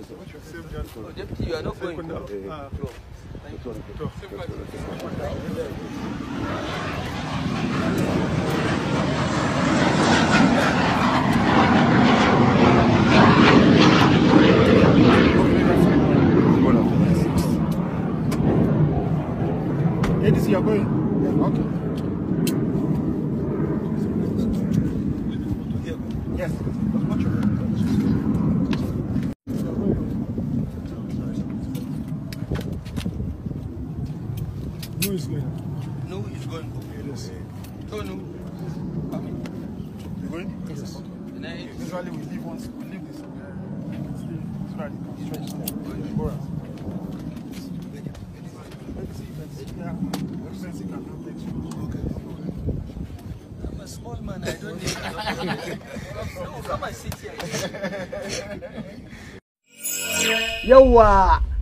Deputy, you are going. Yes. New is going. No, he's going. No, no. So new. You going? Yes. Okay. Usually we leave once. We leave this. Uh, right. Stretch there. Oh, All right. I'm a small man, I don't need No, come and sit here. Yawa!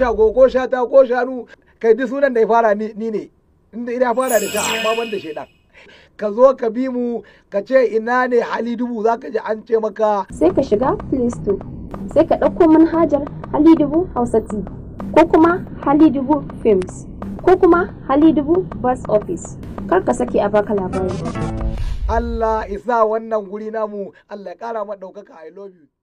sha shago ko sha shata ko sha shanu kai duk sunan da ya fara ni ne inda ina fara da sha amma ban da shaidan ka zo ka bi mu ka ce ina ne hali dubu za ka ji an ce maka sai ka shiga play store sai ka ɗauko manhajar hali dubu hausa t ko kuma hali dubu films ko kuma hali dubu bus office kar ka sake a baka labari Allah isa wannan guri namu Allah ya kara ma daukaka I love you